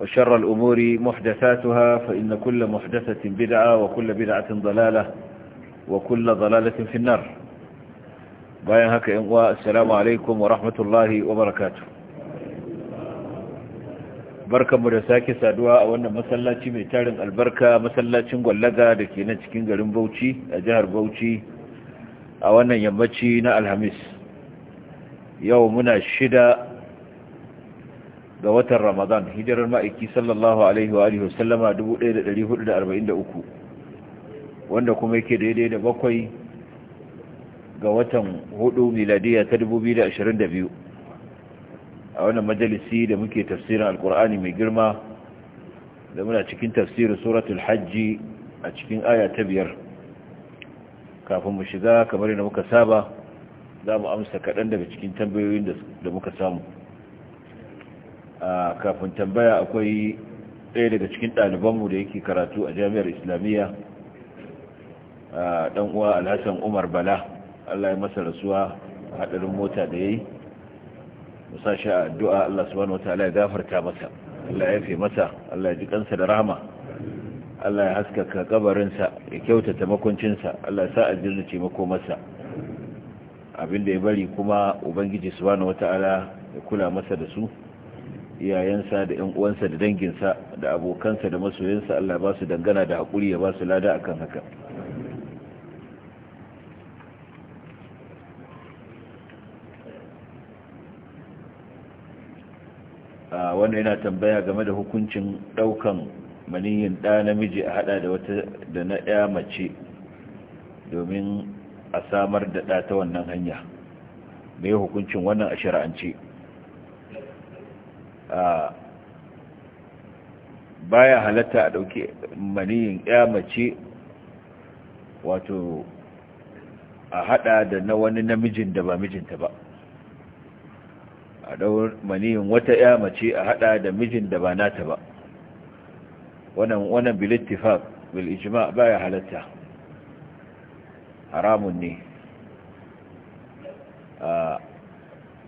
وشر الأمور محدثاتها فإن كل محدثة بدعة وكل بدعة ضلالة وكل ضلالة في النار باين هكا إنواء السلام عليكم ورحمة الله وبركاته بركة مدساكي سادواء وانا مسلاتي ميتارن البركة مسلاتي واللغة لكي نتكين غرم بوتي أجهر بوتي وانا يمتي نا الهميس يومنا الشداء ga watan ramadan hijirar ma'aiki sallallahu alaihi wa alihi wasallama 1443 wanda kuma yake daidai da bakwai ga watan hudu miladiya ta 2022 a wannan majalisi da muke tafsirin alkur'ani mai girma da muna cikin tafsirin suratul hajji a cikin aya ta biyar kafin mu shiga kamar yadda muka saba za mu amsa kaɗan daga cikin tambayoyin da muka samu kafin tambaya akwai ɗaya daga cikin ɗalibanmu da yake karatu a jami'ar islamiyya ɗan uwa alhassan umar bala allah ya masa rasuwa a haɗarin mota da ya yi musashi a addu'a allah su wani ya gafarta masa allah ya fi masa allah ya ji kansa da rahama allah ya haskaka kabarinsa ya kyautata makoncinsa allah ya sa a ce mako masa abinda ya bari kuma ubangiji wani wata ala ya kula masa da su iyayensa da yan uwansa da danginsa da abokansa da masoyansa Allah ba su dangana da hakuri ya ba su lada akan haka wannan yana tambaya game da hukuncin ɗaukan maniyin ɗa namiji a hada da wata da na ɗaya mace domin a samar da ɗa ta wannan hanya mai hukuncin wannan a shari'ance baya halatta a ɗauki maniyin ya mace wato a hada da na wani namijin da ba mijinta ba a daur maniyin wata ya mace a hada da mijin da ba nata ba wannan wannan bil ittifaq bil ijma' baya halatta haramun ne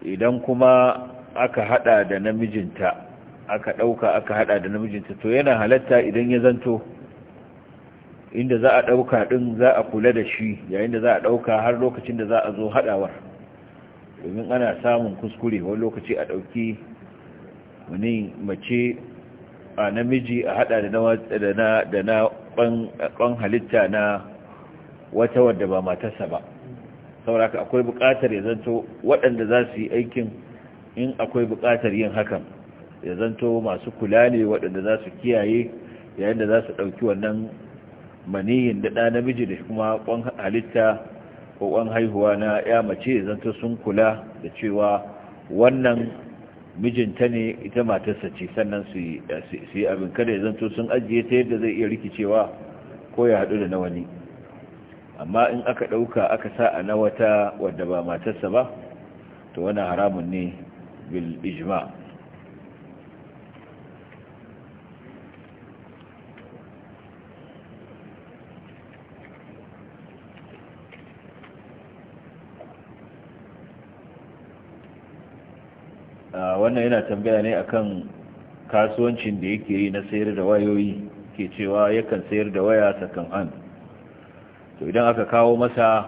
idan kuma aka hada da namijinta aka dauka aka hada da namijinta to yana halatta idan ya zanto inda za a dauka din za a kula da shi yayin da za a dauka har lokacin da za a zo hadawar domin ana samun kuskure wani lokaci a dauki wani mace a namiji a hada da na da na kwan halitta na wata wadda ba matarsa ba saboda akwai bukatar ya zanto waɗanda za su yi aikin in akwai buƙatar yin hakan ya zanto masu kula ne waɗanda za su kiyaye yayin da za su ɗauki wannan maniyin da ɗa namiji da kuma ƙwan halitta ko ƙwan haihuwa na ya mace ya zanto sun kula da cewa wannan mijinta ne ita matarsa ce sannan su yi abin kada ya zanto sun ajiye ta yadda zai iya rikicewa ko ya haɗu da na wani amma in aka ɗauka aka sa a na wata wadda ba matarsa ba to wani haramun ne بالإجماع wannan yana tambaya ne akan kasuwancin da yake yi na sayar da wayoyi ke cewa yakan sayar da waya sakan an to idan aka kawo masa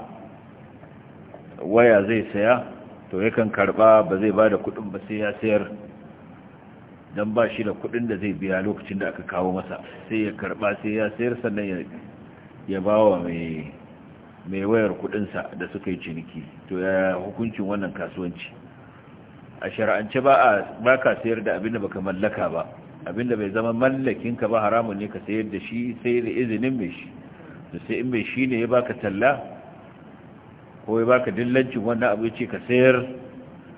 waya zai saya to yakan karɓa ba zai ba da kudin ba sai ya sayar don ba shi da kuɗin da zai biya lokacin da aka kawo masa sai ya karɓa sai ya sayar sannan ya ba wa mai wayar kuɗinsa da suka yi ciniki to ya hukuncin wannan kasuwanci a shara'ance ba ka sayar da abin da baka mallaka ba abin da bai zama mallakin ka ba haramun ne ka sayar da shi sai da izinin mai shi da sai in mai shi ne ya baka talla ko ya baka dillancin wannan abu ce ka sayar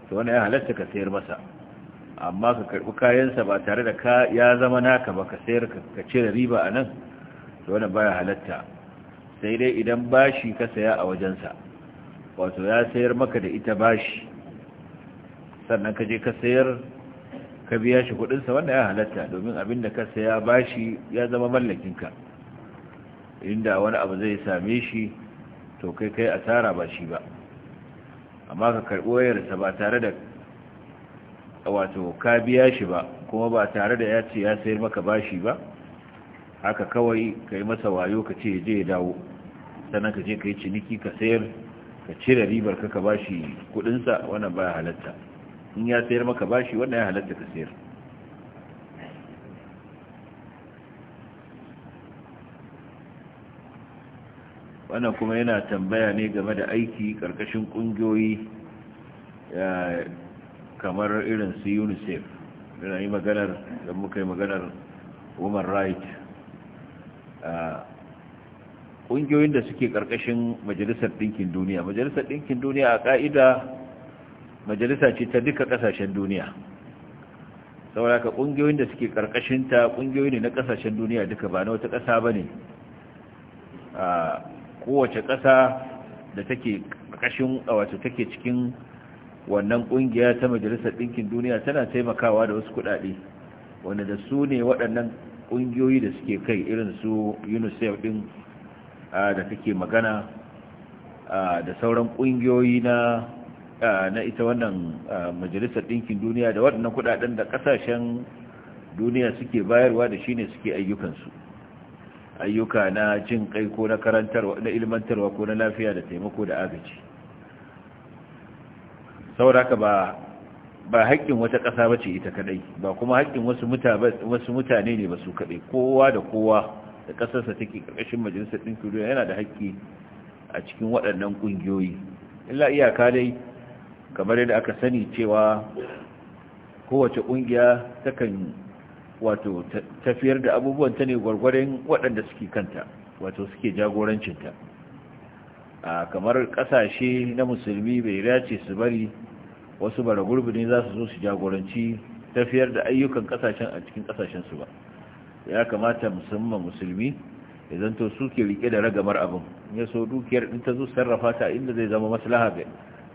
to wannan ya halatta ka sayar masa amma ka karbi kayansa ba tare da ka ya zama naka ba ka sayar ka cire riba a nan to wannan baya halatta sai dai idan bashi ka saya a wajensa wato ya sayar maka da ita bashi sannan ka je ka sayar ka biya shi kudinsa wannan ya halatta domin abin da ka saya bashi ya zama mallakinka inda wani abu zai same shi to kai kai asara ba shi ba amma ka karɓo wayarsa ba tare da wato ka biya shi ba kuma ba tare da yace ya sayar maka bashi ba haka kawai ka yi masa wayo ka ce je ya dawo sannan ka je ka yi ciniki ka sayar ka cire ribar ka ka bashi kudinsa wannan ba ya halatta in ya sayar maka bashi wannan ya halatta ka sayar wannan kuma yana tambaya ne game da aiki karkashin kungiyoyi kamar irin su unicef yana yi maganar da muka yi maganar woman right kungiyoyin da suke karkashin majalisar ɗinkin duniya majalisar ɗinkin duniya a ƙa'ida majalisa ce ta duka ƙasashen duniya saboda ka kungiyoyin da suke karkashinta kungiyoyi ne na kasashen duniya duka ba na wata kasa ba ne kowace ƙasa da take ƙashin wato take cikin wannan ƙungiya ta majalisar ɗinkin duniya tana taimakawa da wasu kuɗaɗe wanda da su ne waɗannan ƙungiyoyi da suke kai irin su unicef ɗin da take magana da sauran ƙungiyoyi na na ita wannan majalisar ɗinkin duniya da waɗannan kuɗaɗen da ƙasashen duniya suke bayarwa da shine suke ayyukansu ayyuka na jin kai ko na karantarwa na ilmantarwa ko na lafiya da taimako da agaji sauraka ba ba haƙƙin wata ƙasa ba ce ita kadai ba kuma haƙƙin wasu mutane wasu mutane ne ba su kadai kowa da kowa da ƙasarsa take ƙarƙashin majalisar ɗinkin duniya yana da haƙƙi a cikin waɗannan ƙungiyoyi illa iyaka dai kamar yadda aka sani cewa kowace ƙungiya takan wato tafiyar da abubuwan ta ne gwargwarin waɗanda suke kanta wato suke jagorancinta a kamar ƙasashe na musulmi bai dace su bari wasu bara gurbi ne za su zo su jagoranci tafiyar da ayyukan ƙasashen a cikin su ba ya kamata musamman musulmi ya zanto suke riƙe da ragamar abin ya so dukiyar ɗin ta zo sarrafa ta inda zai zama maslaha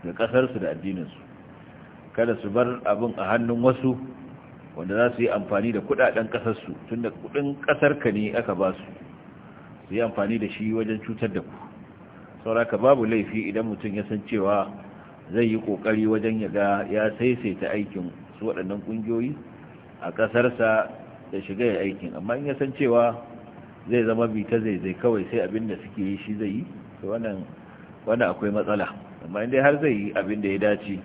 ga ƙasarsu da addinin su kada su bar abin a hannun wasu wanda za su yi amfani da kudaden kasarsu tun da kudin ka ne aka ba su su yi amfani da shi wajen cutar da ku sauraka babu laifi idan mutum ya san cewa zai yi kokari wajen ya ga ya saisaita aikin su waɗannan ƙungiyoyi a ƙasarsa da shiga ya aikin amma in ya san cewa zai zama bita ta zai zai kawai sai abin da suke yi shi zai yi to wannan wannan akwai matsala amma in dai har zai yi abin da ya dace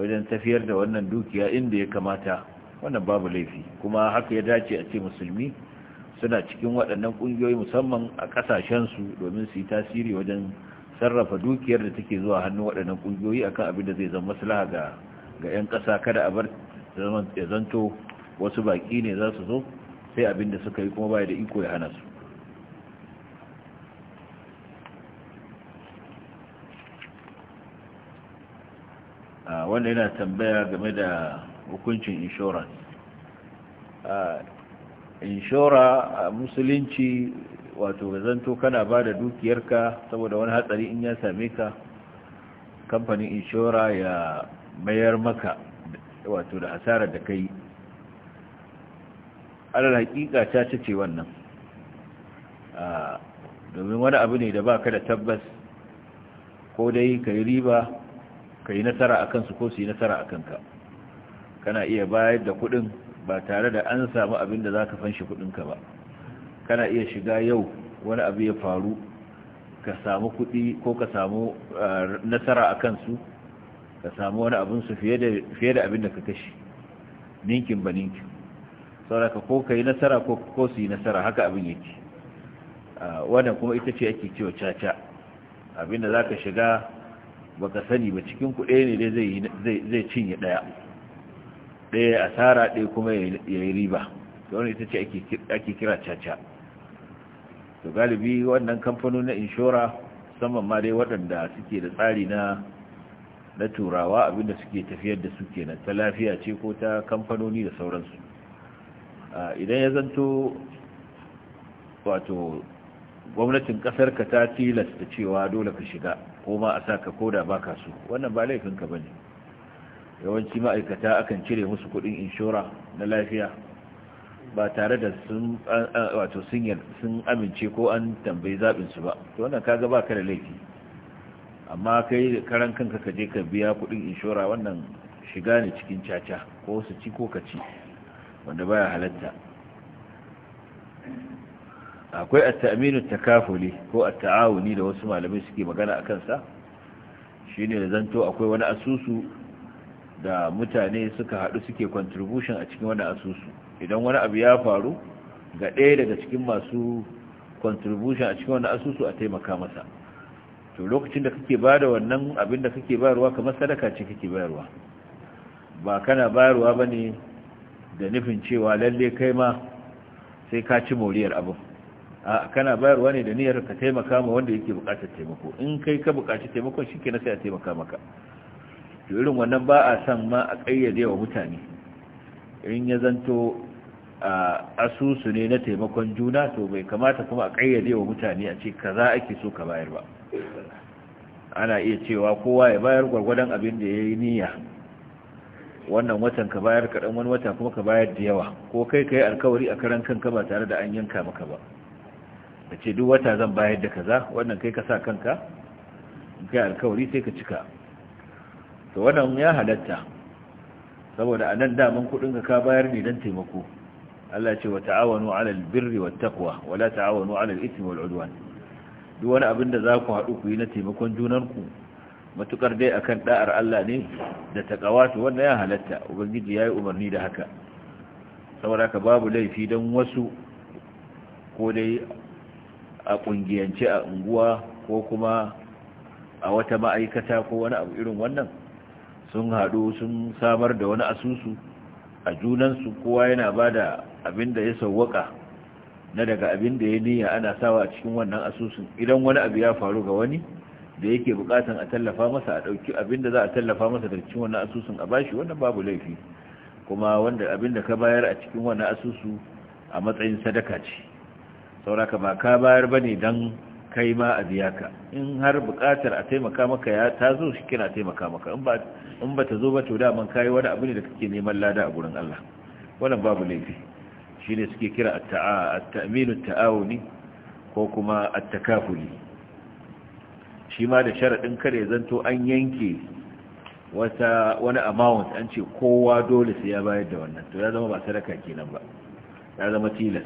wajen tafiyar da wannan dukiya inda ya kamata wannan babu laifi kuma haka ya dace a ce musulmi suna cikin waɗannan ƙungiyoyi musamman a ƙasashen su domin su yi tasiri wajen sarrafa dukiyar da take zuwa hannun waɗannan ƙungiyoyi akan abin da zai zama maslaha ga ga 'yan ƙasa kada a bar ya zanto wasu baƙi ne za su zo sai abin da suka yi kuma baya da iko ya hana su wanda yana tambaya game da hukuncin insurance inshora a musulunci wato zanto kana ba da dukiyarka saboda wani hatsari in ya same ka kamfanin inshora ya mayar maka wato da hasarar da kai alal hakika ta ce wannan domin wani abu ne da ba ka da tabbas ko dai ka yi riba ka yi nasara a kansu ko su yi nasara a kanka kana iya bayar da kuɗin ba tare da an samu abin da za ka fanshi kuɗinka ba kana iya shiga yau wani abu ya faru ka samu kuɗi ko ka samu nasara a kansu ka samu wani abinsu fiye da abin da ka kashi ninkin ba ninkin sauraka ko ka yi nasara ko su yi nasara haka abin yake wannan kuma ita ce ake cewa caca abinda za ka shiga ba ka sani ba cikin kuɗe ne zai cinye ɗaya ɗaya ya asara ɗaya kuma ya yi riba da wani ita ce ake kira caca to galibi wannan kamfano na inshora saman ma dai waɗanda suke da tsari na na turawa abinda suke tafiyar da su kenan ta lafiya ce ko ta kamfanoni da sauransu idan ya zanto wato gwamnatin kasar ka ta tilasta cewa dole ka shiga ko ma a sa ka koda ba ka su wannan ba laifinka ba ne yawanci ma'aikata akan cire musu kudin inshora na lafiya ba tare da sun wato sun amince ko an tambayi zaɓinsu ba to wannan kaga ba ka da laifi amma kai karan kanka ka je ka biya kudin inshora wannan shiga ne cikin caca ko su ci ko ka ci wanda baya halatta akwai at-ta'minu takafuli ko at-ta'awuni da wasu malamai suke magana akan sa shine da zanto akwai wani asusu da mutane suka haɗu suke contribution a cikin wani asusu idan wani abu ya faru ga ɗaya daga cikin masu contribution a cikin wani asusu a taimaka masa to lokacin da kake ba da wannan abin da kake bayarwa kamar sadaka ce kake bayarwa ba kana bayarwa ba ne da nufin cewa lalle kai ma sai ka ci moriyar abin a kana bayarwa ne da niyyar ka taimaka ma wanda yake bukatar taimako in kai ka bukaci taimakon shi ke na sai a taimaka maka to irin wannan ba a san ma a ƙayyade wa mutane in ya zanto asusu ne na taimakon juna to bai kamata kuma a ƙayyade wa mutane a ce kaza ake so ka bayar ba ana iya cewa kowa ya bayar gwargwadon abin da ya yi niyya wannan watan ka bayar kaɗan wani wata kuma ka bayar da yawa ko kai ka yi alkawari a karan kanka ba tare da an yanka maka ba a ce duk wata zan bayar da kaza wannan kai ka sa kanka kai alkawari sai ka cika to wannan ya halatta saboda a nan daman kuɗinka ka bayar ne don taimako Allah ce wa ta'awanu alal birri wat taqwa wa la ta'awanu alal ithmi wal udwan duk wani abin da za ku haɗu ku yi na taimakon junan ku matukar dai akan da'ar Allah ne da taqwa to wannan ya halatta ubangiji yayi umarni da haka saboda ka babu laifi dan wasu ko dai a kungiyance a unguwa ko kuma a wata ma'aikata ko wani abu irin wannan sun haɗu sun samar da wani asusu a junansu kowa yana ba da abin da ya sauwaka na daga abin da ya niyya ana sawa a cikin wannan asusun idan wani abu ya faru ga wani da yake bukatan a tallafa masa a ɗauki abin da za a tallafa masa da cikin wannan asusun a bashi wannan babu laifi kuma wanda abin da ka bayar a cikin wannan asusu a matsayin sadaka ce sauraka ba ka bayar ba ne don kai ma a biya ka in har buƙatar a taimaka maka ya ta zo shi kina taimaka maka in ba ta zo ba to daman kai wani abu ne da kake neman lada a gurin Allah wannan babu laifi shi ne suke kira at-ta'minu ta'awuni ko kuma at-takafuli shi ma da sharadin kare zanto an yanke wata wani amount an ce kowa dole sai ya bayar da wannan to ya zama ba sadaka kenan ba ya zama tilas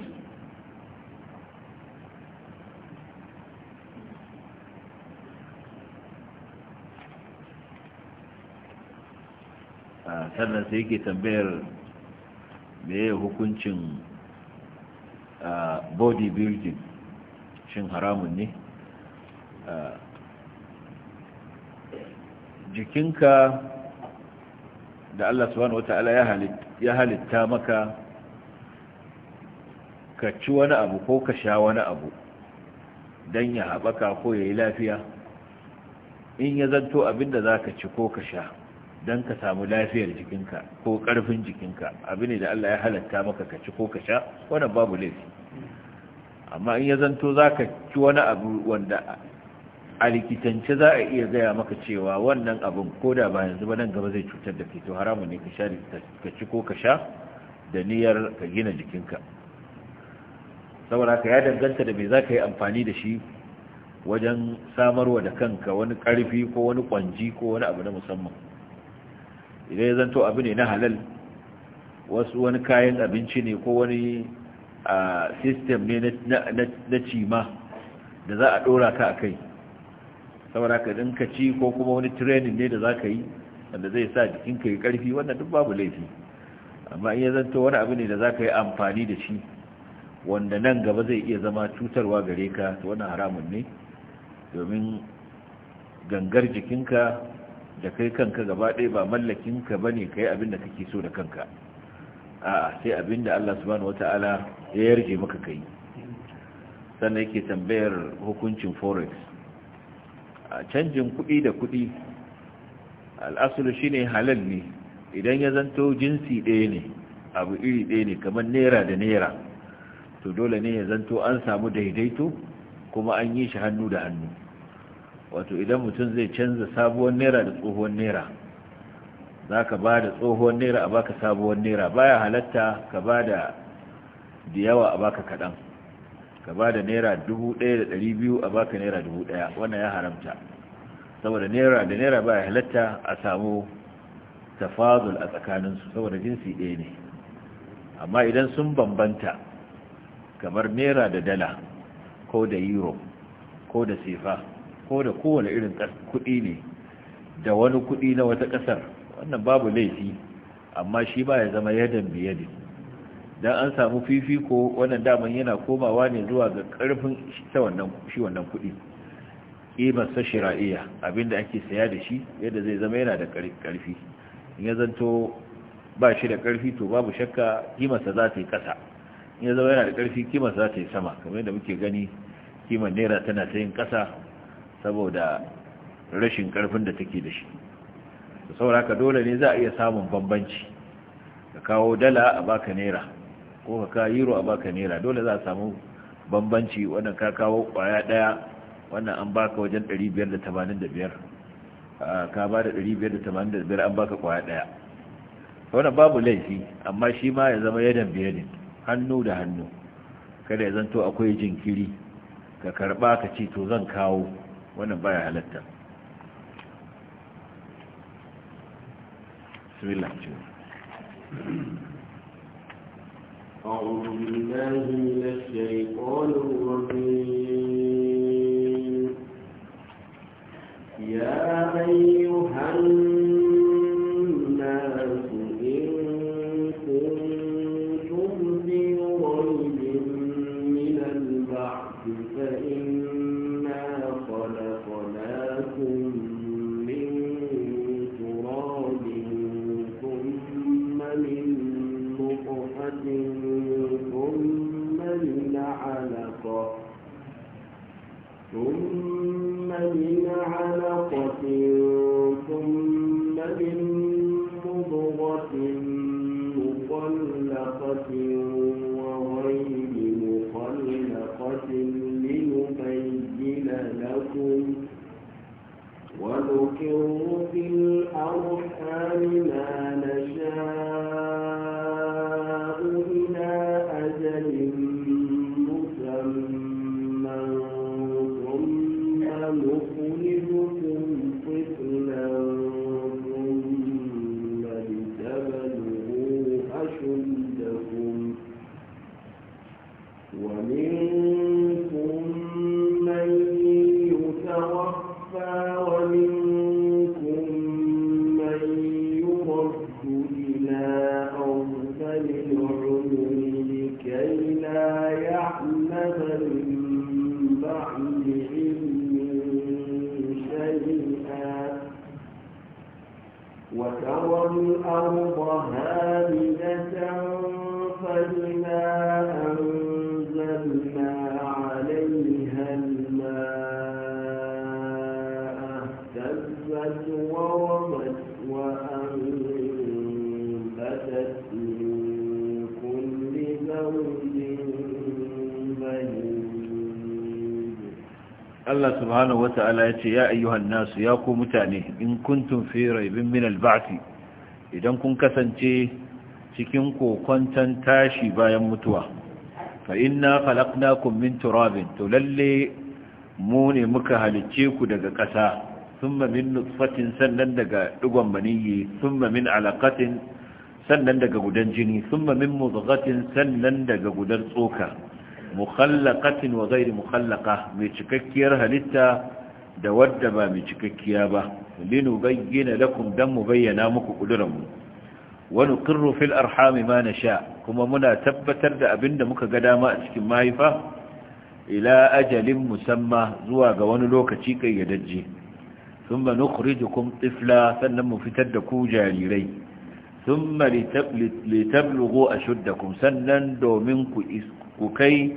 sannan sai yake tambayar meye hukuncin body building shin haramun ne jikinka da Allah subhanahu wata'ala ya halitta maka ka ci wani abu ko ka sha wani abu don ya haɓaka ko ya yi lafiya in ya zanto abinda za ka ci ko ka sha don ka samu lafiyar jikinka ko ƙarfin jikinka abu ne da Allah ya halatta maka ka ci ko ka sha wannan babu laifi amma in ya zanto za ka ci wani abu wanda a likitance za a iya gaya maka cewa wannan abun ko da ba yanzu ba nan gaba zai cutar da ke to haramun ne ka ci ko ka sha da niyyar ka gina jikinka saboda ka ya danganta da me za ka yi amfani da shi wajen samarwa da kanka wani karfi ko wani ƙwanji ko wani abu na musamman idan ya zanto abu ne na halal wasu wani kayan abinci ne ko wani sistem ne na cima da za a dora ka a kai saboda ka dinka ci ko kuma wani training ne da za ka yi wanda zai sa jikinka yi karfi wannan duk babu laifi amma in ya zanto wani abu ne da za ka yi amfani da shi wanda nan gaba zai iya zama cutarwa gare ka to wannan haramun ne domin gangar jikinka da kai kanka gaba ɗaya ba mallakinka ba ne ka yi abin da kake so da kanka a sai abin da Allah subhanahu wata'ala ya yarge maka kai sannan yake tambayar hukuncin forex a canjin kuɗi da kuɗi al'asulu shine halal ne idan ya zanto jinsi ɗaya ne abu iri ɗaya ne kamar naira da naira to dole ne ya zanto an samu daidaito kuma an yi shi hannu da hannu wato idan mutum zai canza sabuwar naira da tsohuwar naira za ka ba da tsohuwar naira a baka sabuwar naira baya halatta ka ba da yawa a baka kaɗan ka ba da naira biyu a baka naira ɗaya wannan ya haramta saboda naira da naira baya halatta a samu tafazul a tsakaninsu saboda jinsi ɗaya ne amma idan sun bambanta kamar naira da dala ko da euro ko da sefa ko da kowane irin kuɗi ne da wani kuɗi na wata ƙasar wannan babu laifi amma shi ba ya zama yadan biyadi dan an samu fifiko wannan daman yana komawa ne zuwa ga ƙarfin shi wannan kuɗi ƙimar sa shira'iyya abinda ake saya da shi yadda zai zama yana da ƙarfi ya zanto ba shi da ƙarfi to babu shakka ƙimarsa za ta yi ƙasa ya zama yana da ƙarfi kimarsa za ta yi sama kamar yadda muke gani kimar naira tana ta yin ƙasa saboda rashin karfin da take da shi saboda haka dole ne za a iya samun bambanci ka kawo dala a baka naira ko ka kawo euro a baka naira dole za a samu bambanci wannan ka kawo kwaya daya wannan an baka wajen 585 ka ba da 585 an baka kwaya daya wannan babu laifi amma shi ma ya zama yadan biyadin hannu da hannu kada ya zanto akwai jinkiri ka karba ka ce to zan kawo wannan baya halatta bismillah ya علقة ثم من مضغة مخلقة وغير مخلقة لنبين لكم ونقر في الأرحام ما ta'ala ya ce ya ayyuhan nasu ya ku mutane in kuntum fi raibin min alba'ti idan kun kasance cikin kokwantan tashi bayan mutuwa fa inna khalaqnakum min turabin to lalle mu ne muka halicce ku daga ƙasa thumma min nutfatin sannan daga digon maniyyi thumma min alaqatin sannan daga gudan jini thumma min mudghatin sannan daga gudan tsoka mukhallaqatin wa ghairi mukhallaqa mai cikakkiyar halitta da wadda ba mai cikakkiya ba linu bayyana lakum dan mu bayyana muku kuduranmu wani qirru fil arhami ma nasha kuma muna tabbatar da abinda muka ga dama a cikin mahaifa ila ajalin musamma zuwa ga wani lokaci kayyadajje thumma nukhrijukum tifla sannan mu fitar da ku jarirai thumma litablugu ashuddakum sannan domin ku kai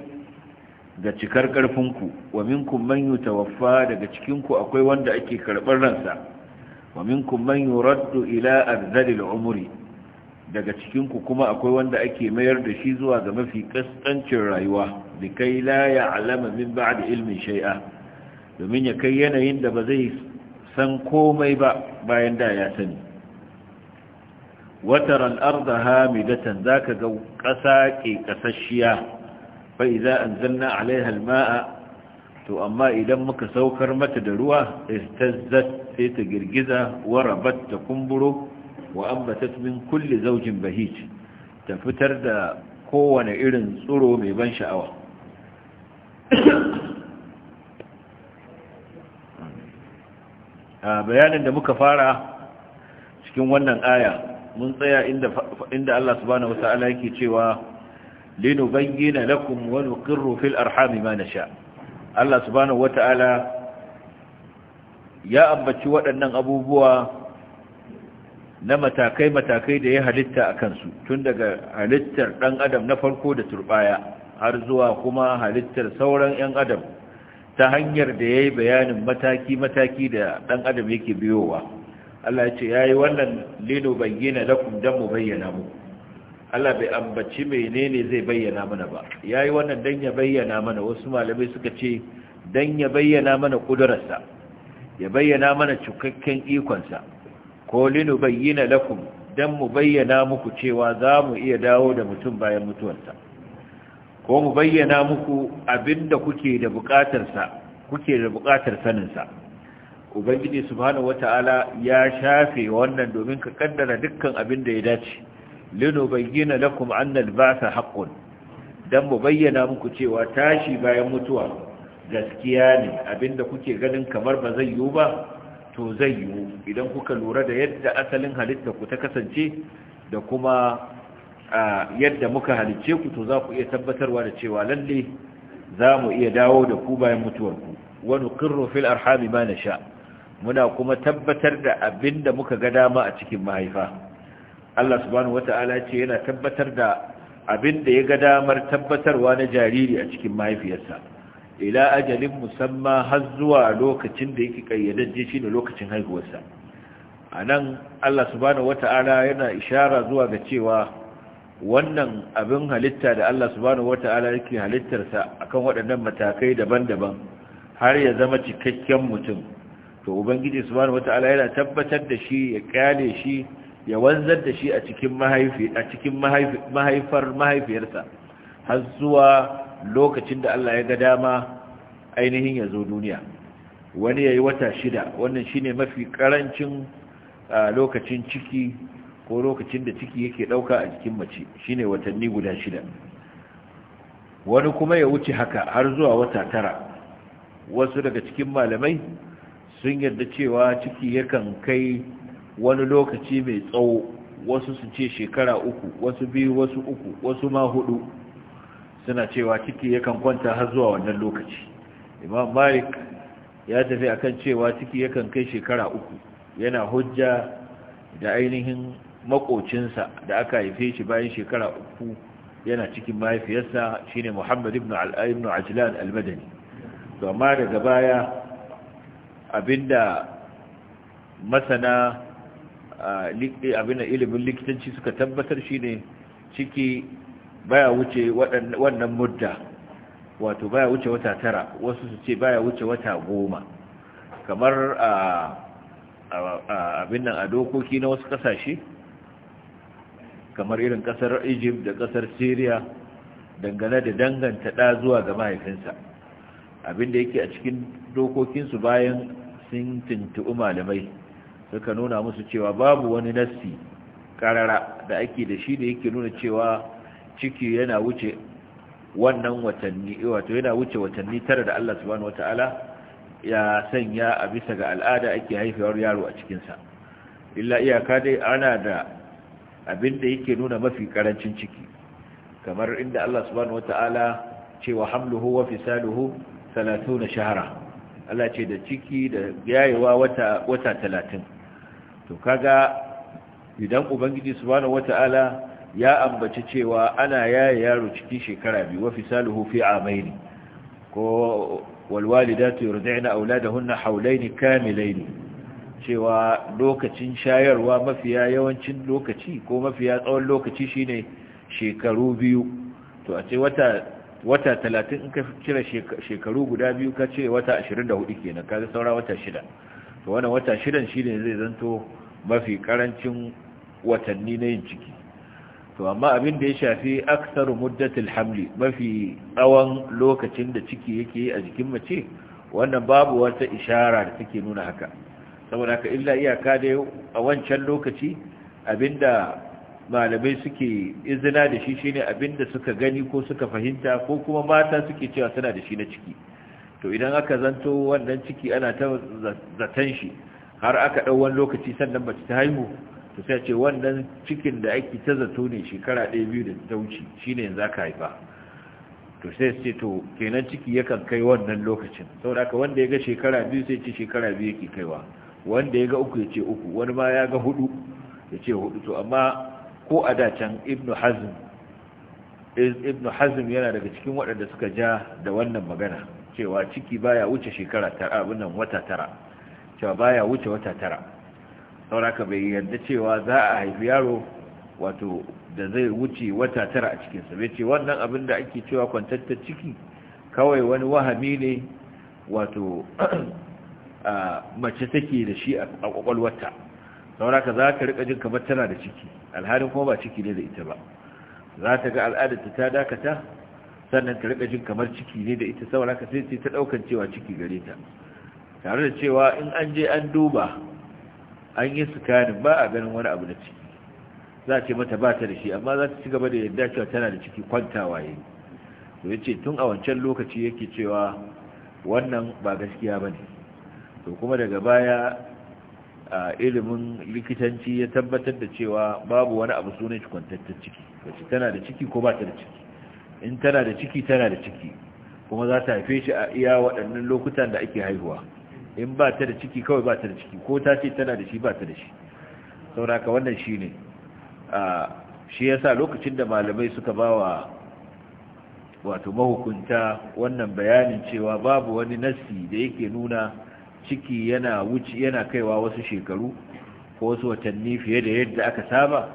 da cikar ƙarfinku wa minkum man yutawaffa daga cikinku akwai wanda ake karɓar ransa wa minkum man yuraddu ila arzalil umri daga cikinku kuma akwai wanda ake mayar da shi zuwa ga mafi kaskancin rayuwa likai la ya'lama min ba'd ilmin shay'a domin ya kai yanayin da ba zai san komai ba bayan da ya sani wataran arda hamidatan zaka ga ƙasa ke kasashiya fa idza anzalna 'alayha maa to amma idan muka saukar mata da ruwa istazzat sai ta girgiza wa rabat ta kumburo wa ambatat min kulli zawjin bahij ta fitar da kowane irin tsiro mai ban sha'awa a bayanin da muka fara cikin wannan aya mun tsaya inda Allah subhanahu wata'ala yake cewa linubayyana lakum wa nuqirru fil arham ma nasha Allah subhanahu wata'ala ya ambaci waɗannan abubuwa na matakai matakai da ya halitta a kansu tun daga halittar ɗan adam na farko da turbaya har zuwa kuma halittar sauran 'yan adam ta hanyar da ya yi bayanin mataki-mataki da ɗan adam yake biyowa Allah ce ya yi wannan lino bayyana lakum don mu bayyana muku Allah bai ambaci menene zai bayyana mana ba yayi wannan dan ya bayyana mana wasu malamai suka ce dan ya bayyana mana kudurarsa ya bayyana mana cikakken ikonsa ko linu bayyana lakum dan mu bayyana muku cewa za mu iya dawo da mutum bayan mutuwarsa ko mu bayyana muku abinda kuke da sa kuke da bukatar sa ubangiji subhanahu wataala ya shafe wannan domin ka kaddara dukkan abin da ya dace linubayyana lakum anna al-ba'sa haqqun dan mu bayyana muku cewa tashi bayan mutuwa gaskiya ne abinda kuke ganin kamar ba zai yiwu ba to zai yiwu idan kuka lura da yadda asalin halitta ku ta kasance da kuma yadda muka halicce ku to za ku iya tabbatarwa da cewa lalle za mu iya dawo da ku bayan mutuwarku wani kirro fil arhami ma na sha muna kuma tabbatar da abinda muka ga dama a cikin mahaifa Allah subhanahu wata'ala ce yana tabbatar da abin da ya ga damar tabbatarwa na jariri a cikin mahaifiyarsa ila ajalin musamma har zuwa lokacin da yake kayyadajje shi da lokacin haihuwarsa a nan Allah subhanahu wata'ala yana ishara zuwa ga cewa wannan abin halitta da Allah subhanahu wata'ala yake halittarsa akan waɗannan matakai daban-daban har ya zama cikakken mutum to ubangiji subhanahu wata'ala yana tabbatar da shi ya kyale shi ya wanzar da shi a cikin mahaifi a cikin mahaifar mahaifiyarsa har zuwa lokacin da Allah ya ga dama ainihin ya zo duniya wani yayi wata shida wannan shine mafi karancin lokacin ciki ko lokacin da ciki yake dauka a jikin mace shine watanni guda shida wani kuma ya wuce haka har zuwa wata tara wasu daga cikin malamai sun yarda cewa ciki yakan kai wani lokaci mai tsawo wasu su ce shekara uku wasu biyu wasu uku wasu ma hudu suna cewa ciki yakan kwanta har zuwa wannan lokaci imam malik ya tafi akan cewa ciki yakan kai shekara uku yana hujja da ainihin makocinsa da aka haife shi bayan shekara uku yana cikin mahaifiyarsa shine muhammad ibn ibn ajlan al-madani to amma daga baya abinda masana Eh, abin ilimin likitanci suka tabbatar shi ne ciki baya wuce wannan mudda wato baya wuce wata tara wasu su ce baya wuce wata goma kamar abin nan a dokoki na wasu kasashe kamar irin kasar egypt da kasar syria dangane da danganta ɗa zuwa ga mahaifinsa abinda yake a cikin dokokinsu bayan sun tuntuɓi malamai suka nuna musu cewa babu wani nassi karara da ake da shi da yake nuna cewa ciki yana wuce wannan watanni wato yana wuce watanni tara da Allah subhanahu wataala ya sanya a bisa ga al'ada ake haifewar yaro a cikinsa illa iyaka dai ana da abin da yake nuna mafi karancin ciki kamar inda Allah subhanahu wataala cewa hamluhu wa fisaluhu 30 shahara Allah ce da ciki da yayewa wata wata to kaga idan ubangiji subhanahu wata'ala ya ambaci cewa ana yaye yaro cikin shekara biyu wa fisaluhu fi amaini ko walidatu yurdi'na auladahunna hawlayn kamilayn cewa lokacin shayarwa mafiya yawancin lokaci ko mafiya tsawon lokaci shine shekaru biyu to a ce wata wata 30 in ka cire shekaru guda biyu ka ce wata 24 kenan kaga saura wata shida to wannan wata shidan ne zai zanto mafi karancin watanni na yin ciki to amma abin da ya shafi aksaru muddatul hamli mafi tsawon lokacin da ciki yake a jikin mace wannan babu wata ishara da take nuna haka saboda haka illa iyaka da a wancan lokaci abinda malamai suke izina da shi shine abinda suka gani ko suka fahimta ko kuma mata suke cewa suna da shi na ciki to idan aka zanto wannan ciki ana ta zaton shi har aka ɗau wani lokaci sannan ba ta haihu to sai ce wannan cikin da ake ta zato ne shekara ɗaya biyu da ta wuce shine yanzu aka haifa to sai ce to kenan ciki yakan kai wannan lokacin saboda ka wanda ya ga shekara biyu sai ce shekara biyu yake kaiwa wanda ya ga uku ya ce uku wani ma ya ga hudu ya ce hudu to amma ko a can ibnu hazm ibnu hazm yana daga cikin waɗanda suka ja da wannan magana cewa ciki baya wuce shekara tara abin nan wata tara cewa baya wuce wata tara sauraka bai yadda cewa za a haifi yaro wato da zai wuce wata tara a cikinsa bai ce wannan abin da ake cewa kwantattar ciki kawai wani wahami ne wato mace take da shi a kwakwalwata sauraka za ka rika jin kamar tana da ciki alhari kuma ba ciki ne da ita ba za ta ga al'adarta ta dakata sannan ta rika jin kamar ciki ne da ita saboda ka sai ta daukan cewa ciki gare ta tare da cewa in an je an duba an yi sukanin ba a ganin wani abu na ciki za ce mata ba ta da shi amma za ta ci gaba da yadda cewa tana da ciki kwantawa ya to ya ce tun a wancan lokaci yake cewa wannan ba gaskiya ba ne to kuma daga baya a ilimin likitanci ya tabbatar da cewa babu wani abu sunan kwantattar ciki wacce tana da ciki ko ba ta da ciki in tana da ciki tana da ciki kuma za ta haife shi a iya waɗannan lokutan da ake haihuwa in ba ta da ciki kawai ba ta da ciki ko ta ce tana da shi ba ta da shi sauraka wannan shi ne shi ya sa lokacin da malamai suka ba wa wato mahukunta wannan bayanin cewa babu wani nassi da yake nuna ciki yana wuce yana kaiwa wasu shekaru ko wasu watanni fiye da yadda aka saba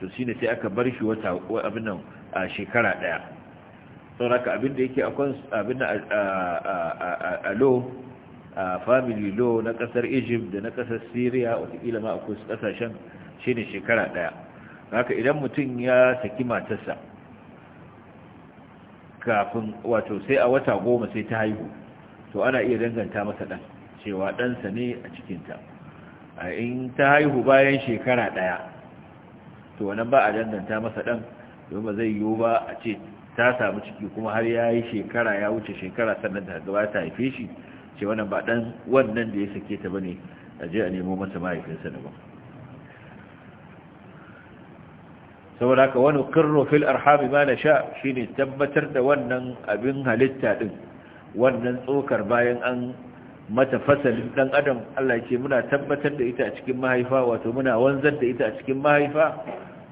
to shine sai aka bar shi wata abin nan a shekara ɗaya. sauraka abinda yake a lo a family lo na kasar egypt da na kasar syria watakila ma akwai kasashen shine shekara daya haka idan mutum ya saki matarsa kafin wato sai a wata goma sai ta haihu to ana iya danganta masa dan cewa ɗansa ne a cikinta in ta haihu bayan shekara daya to wannan ba a danganta masa ɗan domin zai yiwu ba a ce ta samu ciki kuma har ya yi shekara ya wuce shekara sannan da gaba ta haife shi ce wannan ba ɗan wannan da ya sake ta bane a je a nemo masa mahaifinsa daban saboda haka wani kirro fil arhami ma na sha shine tabbatar da wannan abin halitta din wannan tsokar bayan an mata fasalin dan adam Allah ce muna tabbatar da ita a cikin mahaifa wato muna wanzar da ita a cikin mahaifa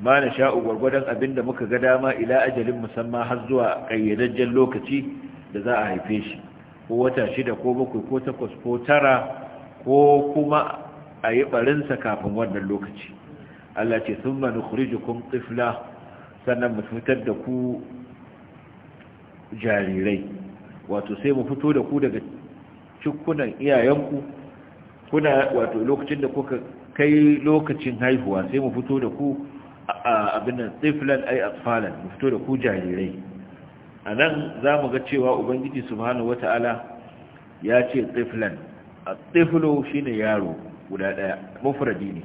ma na sha'u gwargwadon abin da muka ga dama ila ajalin musamman har zuwa ƙayyadajjen lokaci da za a haife shi ko wata shida ko bakwai ko takwas ko tara ko kuma a yi ɓarinsa kafin wannan lokaci Allah ce sun manu kun tsifla sannan mu fitar da ku jarirai wato sai mu fito da ku daga cikunan iyayenku kuna wato lokacin da kuka kai lokacin haihuwa sai mu fito da ku abin nan tsiflan ai atfalan mu fito da ku jarirai a nan za mu ga cewa ubangiji subhanahu wata'ala ya ce tsiflan a tsiflo shi yaro guda ɗaya mufradi ne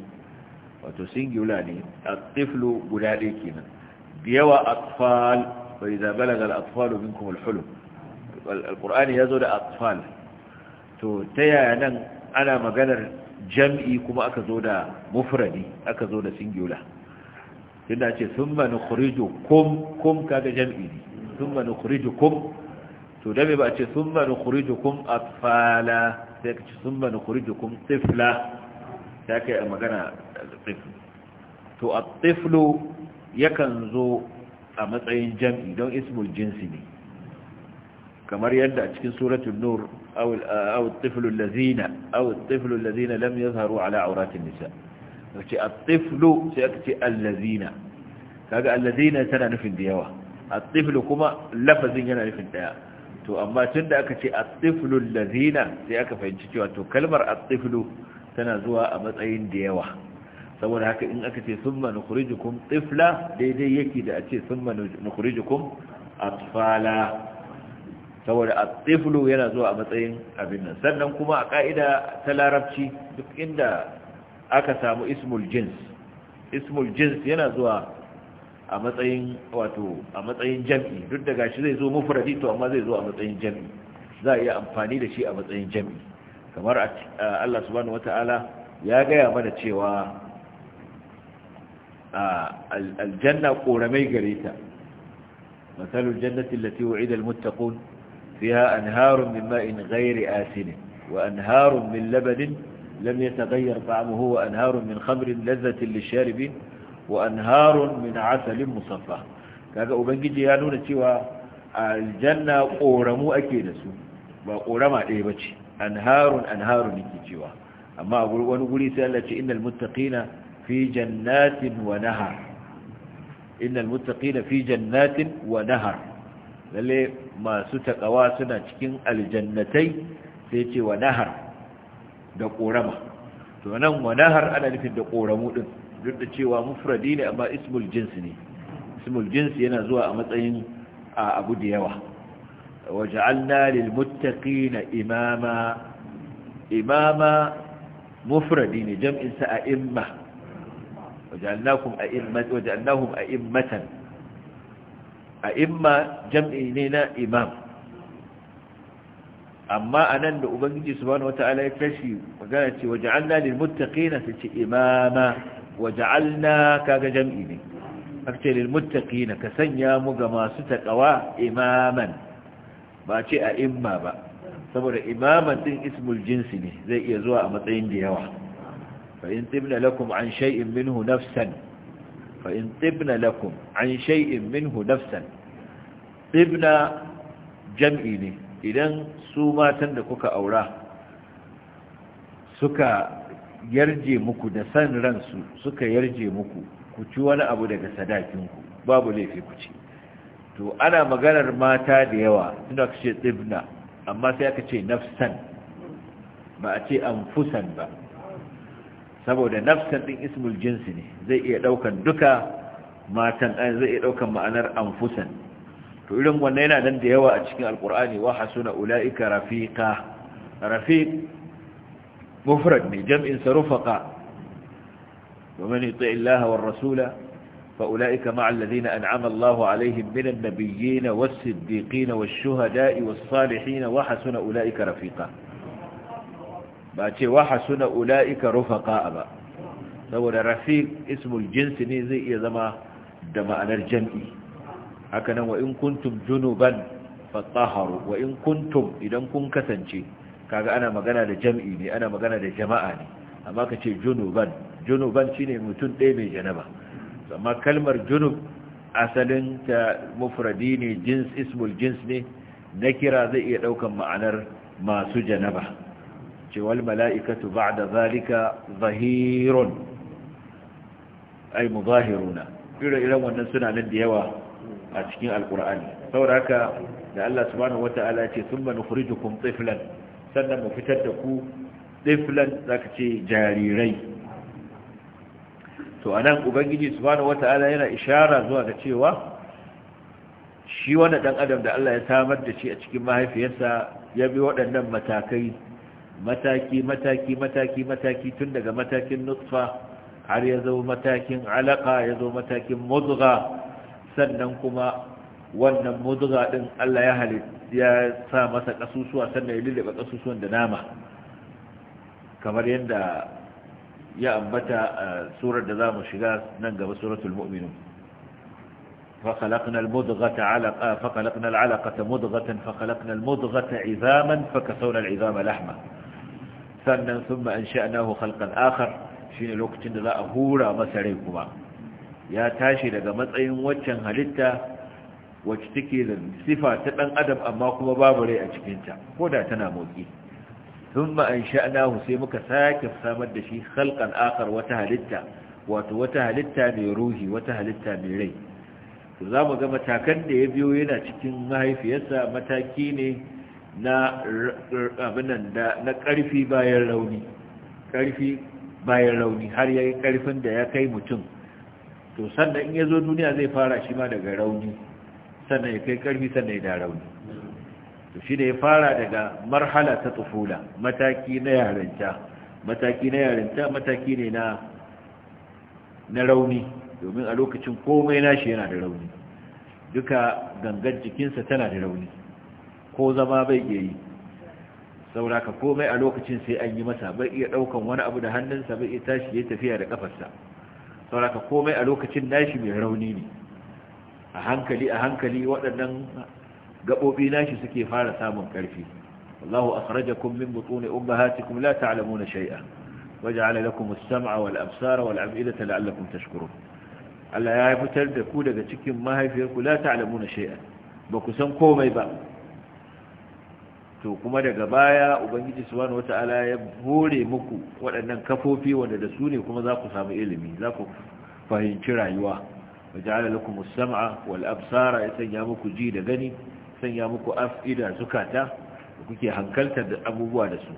wato singula ne a tsiflo guda ɗaya kenan da yawa atfal bai zabala ga al'atfalo min kuma al al'ur'ani ya zo da atfal to ta yaya nan ana maganar jam'i kuma aka zo da mufradi aka zo da singula tunda ce sun thumma nukhrijukum kum kaga jam'i sun thumma kum to da me ba a ce sun thumma nukhrijukum atfala sai ka ce thumma nukhrijukum tifla ta kai a magana tifl to at-tiflu yakan zo a matsayin jam'i don ismul jinsi ne kamar yadda a cikin suratul nur aw aw at-tiflu allazina aw at-tiflu allazina lam yadhharu ala auratun nisa' da a at-tiflu sai aka ce allazina kaga allazina tana nufin da yawa at-tiflu kuma lafazin yana nufin daya to amma tunda aka ce at-tiflu allazina sai aka fahimci cewa to kalmar at tana zuwa a matsayin da yawa saboda haka in aka ce summa nukhrijukum tifla daidai yake da a ce summa nukhrijukum atfala saboda at yana zuwa a matsayin abin nan sannan kuma a ka'ida ta larabci duk inda aka samu ismul jins ismul jins yana zuwa a matsayin wato a matsayin jam'i duk da gashi zai zo mufradi to amma zai zo a matsayin jam'i za a iya amfani da shi a matsayin jam'i kamar Allah subhanahu wata'ala ya gaya mana cewa aljanna koramai gare ta jannatin jannati allati wa'ida almuttaqun fiha anharun min ma'in ghairi asin wa anharun min labanin لم يتغير طعمه وأنهار من خمر لذة للشاربين وأنهار من عسل مصفى kaga ubangiji ya nuna cewa aljanna ƙoramu ake da su ba korama ɗaya ba ce anharun anharun yake cewa amma a wani guri sai Allah ce innal muttaqina fi jannatin wa nahar innal masu taƙawa suna cikin aljannatai sai ce wa nahar da ƙorama to nan wani har ana nufin da ƙoramu din duk da cewa mufradi ne amma ismul jins ne ismul jins yana zuwa a matsayin a abu da yawa Waje waja'alna lil na imama imama mufradi ne jam'in sa a'imma waja'alnakum a'immatan waja'alnahum A imma jam'i ne na imam amma anan da ubangiji subhanahu wataala ya kashi magana ce waja'alna lil muttaqina sai ce imama kaga jam'i ne akce lil ka sanya mu ga masu taqwa imaman ba ce a imma ba saboda imaman ɗin ismul jinsi ne zai iya zuwa a matsayin da yawa fa tibna lakum an shay'in minhu nafsan fa tibna lakum an shay'in minhu nafsan tibna jam'i ne idan su matan da kuka aura suka yarje muku da san ransu suka yarje muku ku ci wani abu daga sadakinku babu laifi ku ci to ana maganar mata da yawa suna ka ce tsibna amma sai aka ce nafsan ba a ce anfusan ba saboda nafsan din ismul jinsi ne zai iya daukan duka matan eh, zai iya daukan ma'anar amfusan. to irin yana nan da yawa a cikin alkur'ani wa hasuna ula'ika rafiqa rafiq mufrad ne jam'in sarufaqa wa man yuti Allah wa ar-rasula fa ula'ika ma'a alladhina an'ama Allah 'alayhim min an-nabiyyin was-siddiqin wash-shuhada'i was-salihin wa hasuna rafiqa ba ce wa hasuna ula'ika rufaqa ba saboda rafiq ismul jinsi ne zai iya zama da ma'anar jam'i haka nan wa in kuntum junuban fatahharu wa in kuntum idan kun kasance kaga ana magana da jam'i ne ana magana da jama'a ne amma kace junuban junuban shine mutum ɗaya mai janaba amma kalmar junub asalin ta mufradi ne jins ismul jins ne kira zai iya daukan ma'anar masu janaba cewal mala'ikatu ba'da zalika zahirun ay mudahiruna ire-iren wannan suna nan da yawa a cikin alkur'ani saboda haka da Allah subhanahu wata'ala ce thumma nukhrijukum tiflan sannan mu fitar da ku tiflan zaka ce jarirai to anan ubangiji subhanahu wata'ala yana ishara zuwa ga cewa shi wanda dan adam da Allah ya samar da shi a cikin mahaifiyarsa ya bi waɗannan matakai mataki mataki mataki mataki tun daga matakin nutfa har ya zo matakin alaka ya zo matakin mudgha sannan kuma wannan mudga din Allah ya halit ya sa masa kasusuwa sannan ya lullube kasusuwan da nama kamar yadda ya ambata a surar da mu shiga nan gaba suratul mu'minun فخلقنا المضغة علقة فخلقنا العلقة مضغة فخلقنا المضغة عظاما فكسونا العظام لحمة ثم أنشأناه خلقا آخر شين لوكتن لا أهورا مسريكما ya tashi daga matsayin waccan halitta wacce take da sifa ta dan adam amma kuma babu rai a cikinta ko da tana motsi thumma ansha'nahu sai muka sake samar da shi halkan akar wata halitta wato wata halitta mai ruhi wata halitta mai rai to mu ga matakan da ya biyo yana cikin mahaifiyarsa mataki ne na karfi bayan rauni har ya rauni har karfin da ya kai mutum to sannan in ya zo duniya zai fara shi ma daga rauni sannan ya kai karfi sannan ya da rauni to shi da ya fara daga marhala ta tsufula mataki na yarinta mataki na yarinta mataki ne na na rauni domin a lokacin komai nashi yana da rauni duka gangan jikinsa tana da rauni ko zama bai iya yi sauraka komai a lokacin sai an yi masa bai iya daukan wani abu da hannunsa bai iya tashi ya tafiya da kafarsa sauraka komai a lokacin nashi mai rauni ne a hankali a hankali waɗannan gaɓoɓi nashi suke fara samun ƙarfi Allahu akhrajakum min butuni ummahatikum la ta'lamuna shay'a waja'ala lakum kuma sama wal absara wal af'idata la'allakum tashkurun Allah ya fitar da ku daga cikin mahaifiyarku la na shai'a. ba ku san komai ba to kuma daga baya ubangiji subhanahu wata'ala ya hore muku waɗannan kafofi wanda da su ne kuma za ku samu ilimi za ku fahimci rayuwa waja'ala lakum as-sam'a wal absara ya sanya muku ji da gani sanya muku afida zukata kuke hankaltar da abubuwa da su